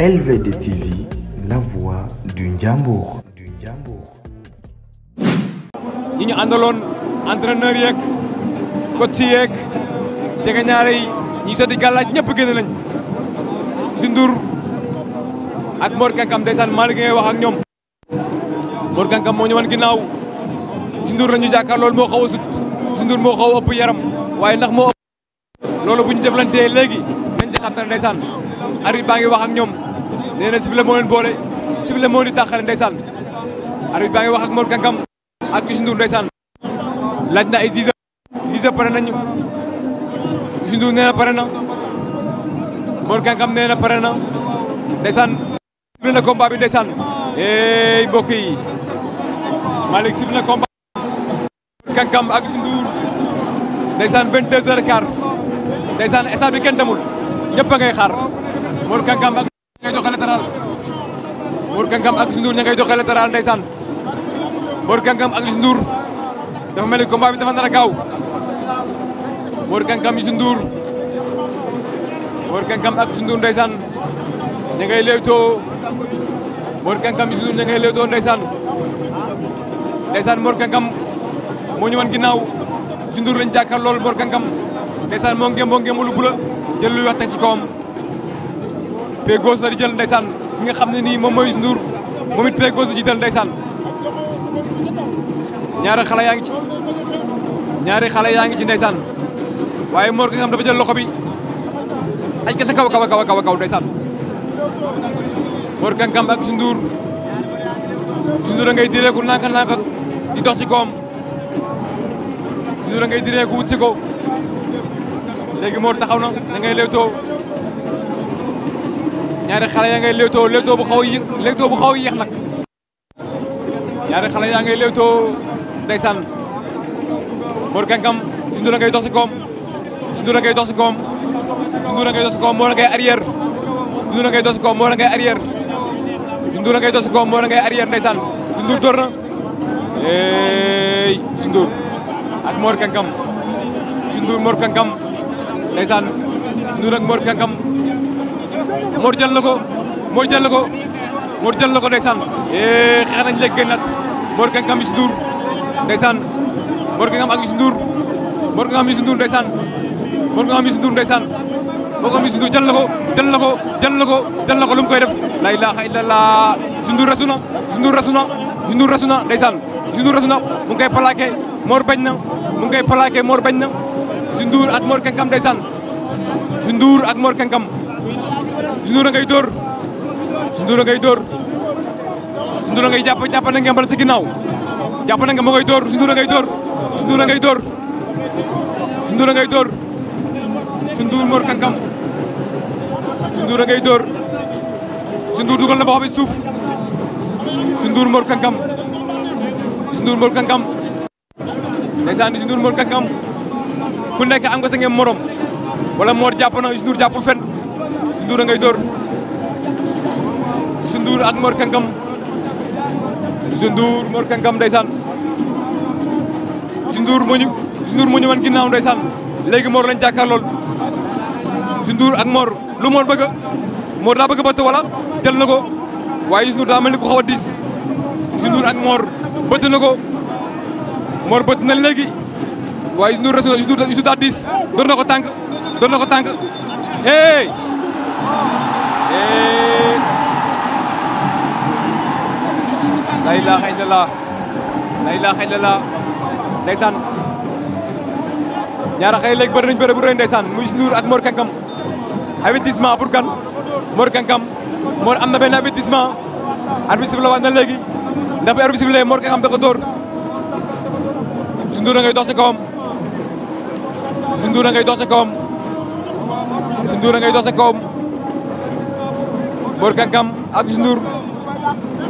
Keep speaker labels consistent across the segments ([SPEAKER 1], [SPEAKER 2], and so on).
[SPEAKER 1] LVD TV, la voix du Ndiambour. du Ndiambour. Nous sommes en entraîneur en coach yeeg Nous sommes ñi sotti gàllaaj ñëpp génn nañ si Ndour ak Mor Kankam ndeysaan Malick ngay wax ak ñoom Mor Kankam moo ñëwoon ginnaaw si Ndour la ñu jàkkaar loolu moo xaw a sut si Ndour moo xaw a ëpp yaram waaye ndax moo ëpp loolu ñu jëflantee léegi nañ ci wax ak ñom nee na sifflet moo leen boole sifflet moo di tàqale ndeysaan arbitre baa ngi wax ak Mor Kankam ak Youssou Ndour ndeysaan laaj na ay Ziza Ziza pare nañu Youssou Ndour parana Mor Kankam nee parana pare na ndeysaan na combat bi ndeysaan ey mbokk yi Malick sifflet na combat Kankam ak Youssou Ndour 22 h quart ndeysaan stade bi kenn demul xaar Mor Kankam ak ngay joxe latéral Mor Kànkam ak Youssou Ndour ña ngay joxe latéral ndeysaan Mor Kànkam ak Youssou Ndour dafa mel ni combat bi dafa nar a gaaw Mor Kànkam Youssou Ndour Mor Kànkam ak Youssou Ndour ndeysaan ña ngay leewtoo Mor Kànkam Youssou Ndour ña ngay leewtoo ndeysaan ndeysaan Mor Kànkam wan ginnaaw Youssou Ndour lañ jàkkaar lool Mor Kànkam ndeysaan moo ngem moo ngemu lu bula jël wax teg ci kawam pied gauche la di jël ndeysaan bi nga xam ne nii moom Desan, Youssou Ndour moom it pied Desan, la di jël ndeysaan ñaari xale yaa ngi ci ñaari kawa yaa ngi ci ndeysaan waaye Mor ki nga xam dafa jël loxo bi aj ka sa kaw kaw kaw kaw kaw ndeysaan Mor Kang Kang ak Youssou Ndour Youssou Ndour nanka nanka di dox ci koom Youssou Ndour da ngay wut si ko Mor taxaw na ñaari xale yaa ngay léetoo xaw a yéex léetoo bu a yéex yaa ngay léetoo ndeysaan Mor Kankam Sunduur a ngay dox si koom Sunduur a ngay dox si koom Sunduur a ngay dox si koom Mor a ngay arrière Sunduur a ngay dox si koom Mor a ngay arrière Sunduur a ngay na eey Sunduur ak Mor Kankam Sunduur Mor Kankam ndeysaan Sunduur ak Mor Kankam Modou jël na ko Modou jël na ko Modou jël na ko ndeysaan eh xeex nañ léegi gënat Modou Kankam Youssou Ndour ndeysaan Modou Kankam ak Youssou Ndour Modou Kankam Youssou Ndour ndeysaan Modou Kankam Youssou Ndour ndeysaan Modou Kankam Youssou Ndour jël na ko jël na ko jël na ko jël na ko lu mu koy def la ilaha illallah Youssou Ndour rasu na Youssou Ndour rasu na Youssou Ndour rasu na ndeysaan Youssou Ndour rasu na mu ngi koy plaqué Modou bañ na mu ngi koy plaqué Modou bañ na Youssou Ndour ak Modou Kankam ndeysaan Youssou Ndour ak Modou Kankam sunduran kay dor sunduran kay dor sunduran kay japp jàpp na ngembal sa ginnaaw japp na nga ma ngay dóor Sunduur ngay dóor Sunduur ngay dóor Sunduur ngay dóor Mor Kankam sunduran kay dor sundur dugal na bopp bi suuf sundur Mor Kankam Sunduur Mor Kankam ndeysaan sundur Mor Kankam ku nek am nga sa ngeen morom wala Mor jàpp na sundur jàppul fen sundur ngay dor sundur ak Mor Kankam sundur Mor Kankam ndaysan sundur moñu sundur moñu wan ginnaw ndaysan legi Mor lañ jakar lol sundur ak Mor lu Mor bëgg Mor daa bëgg bëtt wala jël nako waye sundur da mel ni ku xaw a ak Mor bëtt nako Mor bëtt na legi waye sundur Ndour sundur Ndour daa diis door na ko tànk door hey Laila ilaha Laila la Desan illallah ndeysaan ñaara xëy léegi bëri bu reñ ndeysaan muy Nour ak Mor Kankam avertissement pour kan Mor Kankam Mor amna ben benn avertissement arbitre bi la waat na legi. ndax bi arbitre bi lee Mor Kankam da ko dor. Youssou ngay dox kom. kawam ngay dox kom. kawam ngay dox kom. Mor Kankam ak Youssou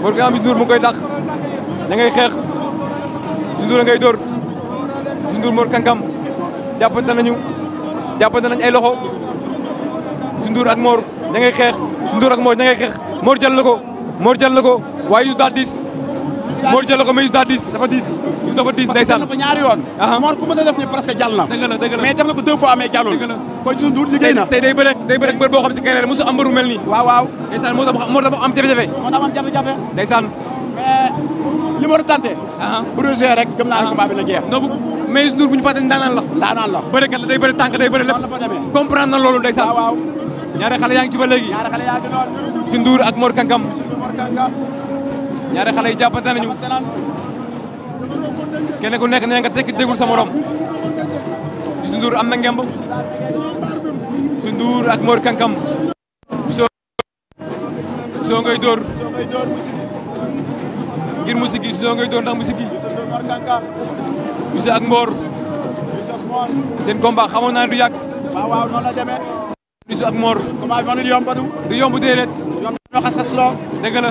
[SPEAKER 1] Mor Kang Youssou Ndour mu koy dàq ña ngay xeex Youssou Ndour a ngay dóor Youssou Ndour Mor Kang Kang jàppante nañu jàppante nañ ay loxo Youssou Ndour ak Mor ña ngay xeex Youssou Ndour ak Mor ña ngay xeex Mor jël na ko Mor jël na ko waaye Youssou daa diis Mor jël ko mais dafa diis dafa diis dafa diis ndeysaan parce que ñaari yoon ah. Mor ku ma na dëgg la dëgg la mais def na ko deux fois mais tey day bëre day bëre mbër boo xam si keneen mosu am mbëru mel nii waaw ah. naa ne ah. combat bi na jeex donc mais Ndour bu la ndaanaan la bërekat la day comprendre loolu ndeysaan waaw yaa ngi ci ba léegi ñaari ak Mor Kangam Mor ñaari xalé yi jàppante nañu kenn ku nekk nee nga tekki degul sama rom Youssou Ndour am na ngemb sundur ak Mor Kankam so so ngay dor ngir musiki so ngay dor ndax musiki musiki ak Mor seen combat xamona du yak waaw waaw noonu la demee musiki ak Mor combat bi mënul yomb du yomb déedéet ñoo xass xass lo dëgg la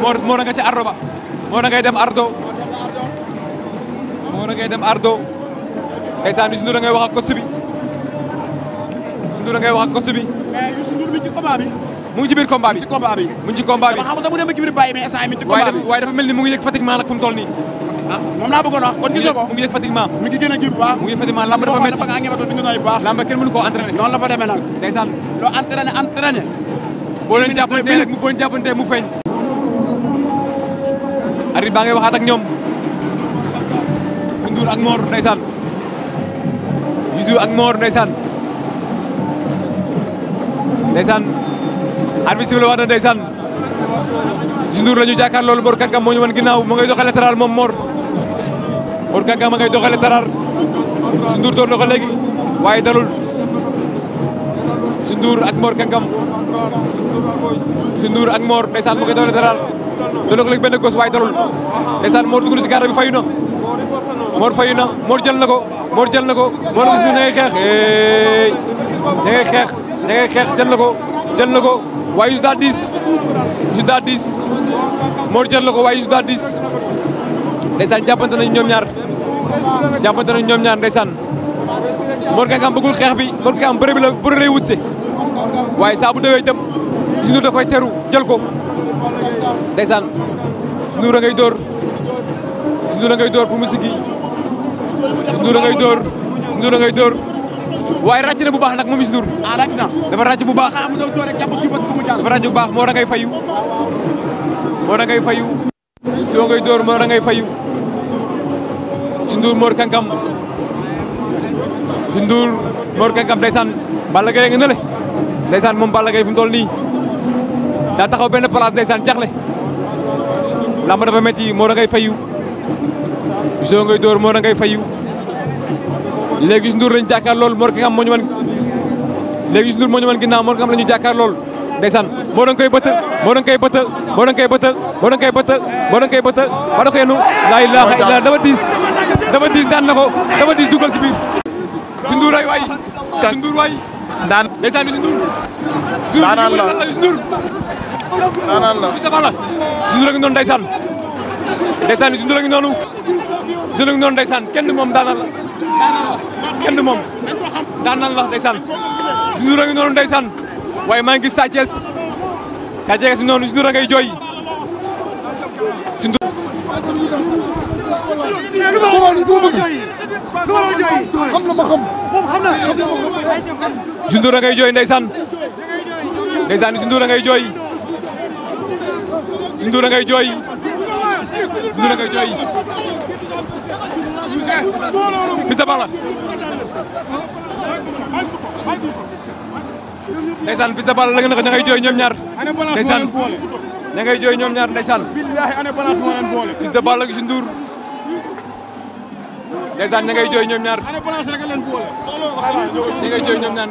[SPEAKER 1] moo moo nga ca ardo ba moo da ngay dem ardo moo da ngay dem ardo ndeysaan Youssou Ndour da ngay wax ak coach bi Youssou Ndour da ngay wax ak coach bi mais Youssou Ndour mi ci combat bi mu ngi ci biir combat bi ci combat bi mu ngi ci combat bi xam nga mu dem ci biir bàyyi mais instant mi ci combat bi waaye dafa mel ni mu ngi yëg fatiguement nag fu mu toll nii ah moom laa bëggoon wax kon gisoo ko mu ngi yëg fatiguement mi ngi gën a ji bu baax mu ngi yëg fatiguement lamb dafa métti dafa nga ngebatoo di nga nooy bu baax lamb kenn mënu koo entraîné noonu la fa demee nag ndeysaan loo entraîné entraîné boo leen jàppante rek boo leen jàppante mu feeñ Ari Bangay ngay nyom, ak angmor Naisan. ak Mor Naisan. Naisan. ak Mor ndeysaan ndeysaan arbitre sifflé waat na ndeysaan Youssou Ndour Jakar ñu Mor Kànkam mo ñu wan ginnaaw mu ngay doxale taraar moom Mor Mor kaka ma ngay doxale taraar Youssou Ndour dalul ak Mor ak Mor ngay doon na ko léegi benn gos waaye dalul ndeysaan Mor dugg si garab bi fayu na Mor fayu na Mor jël na ko Mor jël na ko Mor gis na ngay xeex da xeex da ngay xeex jël na ko jël na ko waaye su daal diis su daal diis Mor jël na ko waaye su daal diis ndeysaan jàppante nañu ñoom ñaar jàppante nañu ñoom ñaar ndeysaan Mor Kang Kang bëggul xeex bi Mor Kang Kang bëre bi la bëre lay wut si waaye saa bu dawee dem gis nga da koy teru jël ko Desan, suñu ra ngay dóor suñu ra ngay dóor pour mu siggi suñu ra ngay dóor suñu ra ngay dóor waaye ràcc na bu baax nak moom Youssou Ndour ah rajj na dafa rajj bu baax dafa rajj bu baax mo ra ngay fayu Mo ra ngay fayu soo ngay dor mo ra ngay fayu Youssou Mor Kankam Youssou Mor Kankam Desan, Balla Gaye nga ne le Desan mom Balla Gaye fu mu daa taxaw benn place ndeysaan jaxle làmb dafa métti moo da ngay fayu gisoo ngay dóor moo da ngay fayu léegi Youssou Ndour lañu jàkkaar lool Mor ki am moo ñu wan léegi Youssou Ndour moo ñu wan ginnaaw Mor ki nga xam la ñu jàkkaar lool ndeysaan moo da nga koy bëttal moo da nga koy bëttal moo da nga koy bëttal moo da nga ba da ko yenu laa ilaaha dafa diis dafa diis daan na ko dafa diis dugal si biir Youssou Ndour ay waay Youssou Ndour naanaan la. Youssou Ndour a ngi noonu ndeysaan. ndeysaan Youssou Ndour a ngi noonu. Youssou Ndour a ngi noonu ndeysaan kenn du moom daanaan la. kenn du moom daanaan la ndeysaan. Youssou Ndour a ngi noonu ndeysaan. waaye maa ngi gis Sa Thiès. Sa Thiès noonu Youssou Ndour a ngay jooy. Youssou Ndour. xam na ma xam. Youssou Ndour a ngay jooy ndeysaan. ndeysaan Youssou Ndour a ngay jooy. Ndour ngay jooy Ndour ngay jooy Fils de Balla ndeysaan Fils la nga ngay jooy ñoom ñaar ndeysaan ña ngay ñaar billahi balance ngay ñaar balance rek ngay ñaar